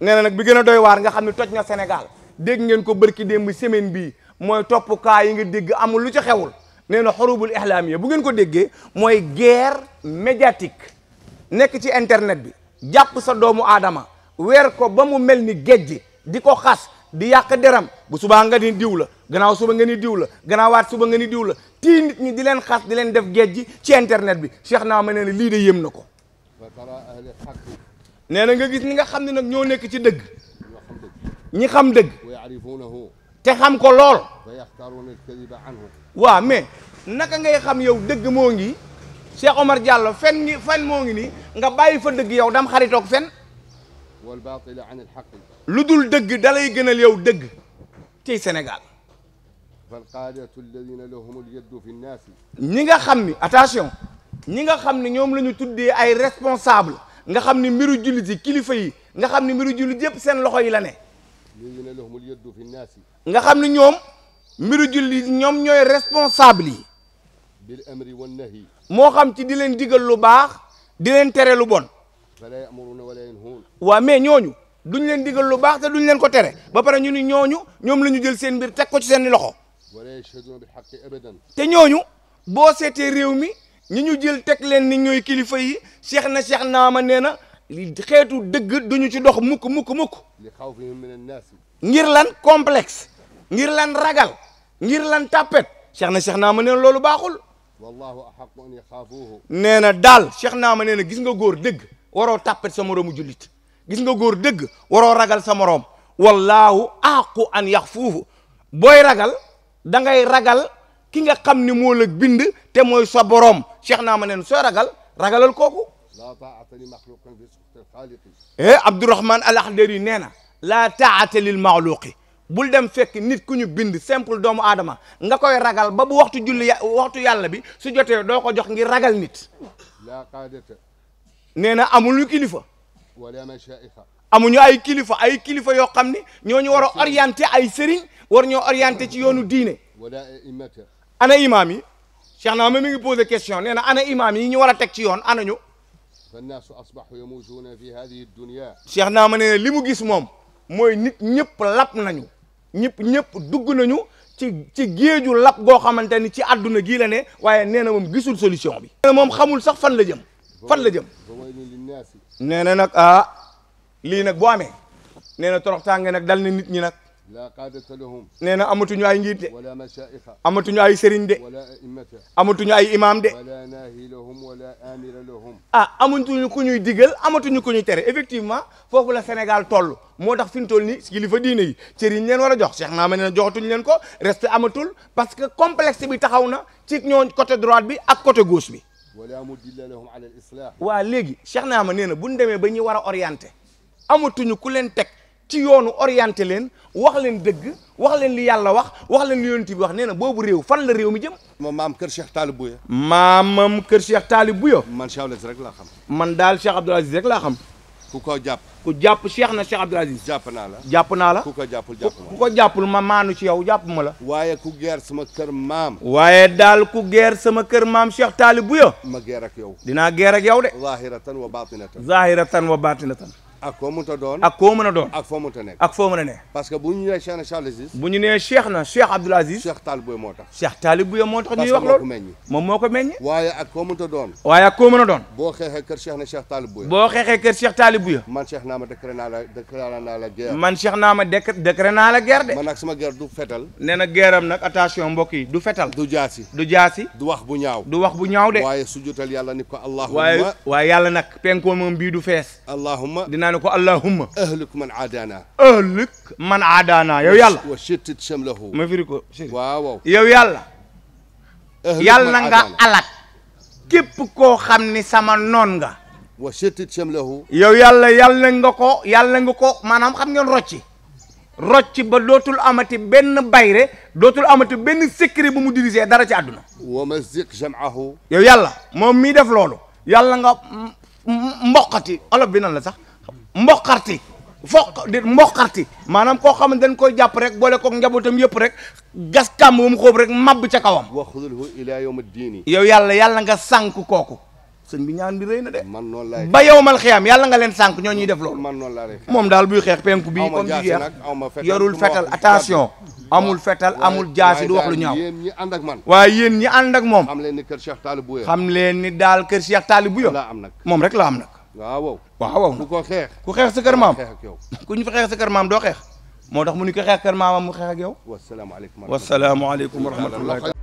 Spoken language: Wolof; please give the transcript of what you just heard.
nee na nag bi gën a doy waar nga xam ne toj na Sénégal dégg ngeen ko bërki démb semaine bii mooy toppukaay yi nga dégg amul lu ci xewul nee na xorubul ihlaamiya bu ngeen ko déggee mooy guerre médiatique nekk ci internet bi jàpp sa doomu aadama weer ko ba mu mel ni géej di ko xas di yàq deram bu subaa nga ni diw la gannaaw suba nga ni diw la gannaawaat suba nga ni diw la tii nit ñi di leen xas di leen def géej ci internet bi Cheikh naa ma nee na lii de yëm na ko nee na nga gis ñi nga xam ne nag ñoo nekk ci dëgg ñi xam dëgg te xam ko lool waa mais naka ngay xam yow dëgg moo ngi Cheikh Omar jàll fen ngi moo ngi nii nga bàyyi fa dëgg yow dam xaritoog fen lu dul dëgg dalay gënal yow dëgg ci Sénégal ñi nga xam ni attention ñi nga xam ne ñoom la ñu tuddee ay responsable nga xam ni mbiru jullit yi kilifa yi nga xam ni mbiru jullit yëpp seen loxo yi la ne nga xam ni ñoom mbiru jullit ñoom ñooy responsable yi bil amri wan nahi moo xam ci di leen digal lu baax di leen tere lu bon fala yamuruna wala yanhun waa mais ñooñu duñ leen digal lu baax te duñ leen ko tere ba pare ñu ni ñooñu ñoom la ñu jël seen mbir teg ko ci seen loxo wala yashhaduna bil haqqi abadan te ñooñu boo seetee réew mi ñu ñu jël teg leen ni ñooy kilifa yi cheikh na cheikh naama nee na xeetu dëgg duñu ci dox mukk mukk mukk ngir lan complexe ngir lan ragal ngir lan tàppet cheikh na cheikh naama nee na loolu baaxul nee na daal cheikh ma nee na gis nga góor dëgg waroo tàppet sa moroomu jullit gis nga góor dëgg waroo ragal sa moroom wallaahu aqu an yaxfuuhu booy ragal da ngay ragal ki nga xam ni moo la bind te mooy sa boroom cheikh naama nee na soo ragal ragalal kooku laa taata li maxluqin fi suxti alxaaliqi eh Abdourahman al nee na laa taata lil maxluqi bul dem fekk nit ku ñu bind simple doomu aadama nga koy ragal ba bu waxtu julli waxtu yàlla bi su jotee doo ko jox ngir ragal nit laa qaadata nee na amuñu kilifa wala machaïxa amuñu ay kilifa ay kilifa yoo xam ne ñu war a orienté ay sëriñ war ñoo orienté ci yoonu diine wala imata ana imaam yi Cheikh na ma mi ngi posé question nee na ana imaam yi ñu war a teg ci yoon ana ñu fannaasu asbahu yamuutuuna fi hadihi dunya cheikh naa ma ne li mu gis moom mooy nit ñëpp lap nañu ñëpp ñëpp dugg nañu ci ci géeju lap goo xamante ni ci àdduna gii la ne waaye nee na moom gisul solution bi nee na moom xamul sax fan la jëm fan la jëm nee na nag ah lii nag boo amee nee na toroxtaange nag dal na nit ñi nag nee na amatuñu ay njiit de amatuñu ay sëriñ de amatuñu ay imaam de ah amatuñu ku ñuy digal amatuñu ku ñuy tere effectivement foofu la Sénégal toll moo tax fi mu toll nii kilifa diine yi sëriñ leen war a jox Cheikh Naama nee na joxatuñu leen ko reste amatul parce que complexe bi taxaw na ci ñoo côté droite bi ak côté gauche bi. waa léegi Cheikh Naama nee na bu demee ba ñuy war a orienté amatuñu ku leen teg. ci yoonu orienté leen wax leen dëgg wax leen li yàlla wax wax leen li yonent bi wax nee na boobu réew fan la réew mi jëm. moom maam kër Cheikh Taalib maam maamam kër Cheikh Taalib Bouya. man Cheikh Abdoul Aziz rek laa xam. man daal Cheikh Abdoul rek laa xam. ku ko jàpp. ku jàpp Cheikh na Cheikh Abdoul Aziz. jàpp naa la jàpp naa la. ku ko jàppul jàpp ma jàppul ma maanu ci yow jàpp ma la. waaye ku geer sama kër maam. waaye daal ku geer sama kër maam Cheikh Taalib Bouya. ma geer ak yow. dinaa geer ak yow de. zahiratan wa batinatan. zahiratan wa batinatan ak koo mënta doon ak koo a doon ak foo mënta nekk ak foo mën a ne parce que bu ñu nee Cheikh na Cheikh Aziz bu ñu nee Cheikh na Cheikh Abdoul Aziz Cheikh Talib moo tax Cheikh Talib wax loolu moom moo ko meññ a doon boo xeexee na Cheikh Talib Bouye boo xeexee kër Cheikh Talib Bouye man Cheikh naa ma décré naa la décré naa man Cheikh naa ma décré naa la guerre de man nag sama guerre du fetal nee na nag attention mbokk yi du fetal du jaasi du jaasi du wax bu ñaaw du wax bu ñaaw de waaye su jotal yàlla ni ko allahumma waaye yàlla nag penkoon moom bii du fees allahumma ne ko allahumma ahlik man aadaana ahlik man yow yàlla wa ma firi ko waaw waaw yow yàlla yàlla nga alak képp koo xam ni sama noon nga wa shittit shamlahu yow yàlla yàlla nga ko yàlla nga ko maanaam xam ngeen rocci rocc ba dootul amati benn bayre dootul amati benn secret bu mu diriger dara ci àdduna wa mazziq jam'ahu yow yàlla moom mii def loolu yàlla nga mboqati olof bi la sax mboqarti foq di mboqarti maanaam koo xam ne dañ koy jàpp rek boole koog njabootam yëpp rek gas kàmb ba mu xóob rek màbb ca kawam. wa xudulhu ila yawmi diini. yow yàlla yàlla nga sànk kooku. sëñ bi ñaan bi rëy na de. man noonu laay ba yow mal xiyam yàlla nga leen sànk ñoo ñuy def loolu. man noonu laa moom daal buy xeex penku bii comme di jeex yorul fetal attention. amul fetal amul jaasi du wax lu ñaaw yéen ñi man waaye yéen ñi ànd ak moom xam leen ni kër Cheikh Taalib Bouya xam leen ni daal kër Cheikh Taalib Bouya moom rek la am nag waaw waaw ku ko xeex ku xeex sa kër maam xeex ak yow ku ñu fa xeex sa kër maam doo xeex moo tax mu ni ko xeex kër maamam mu xeex ak yow wasalaamaaleykum wasalaamaaleykum wa rahmatullah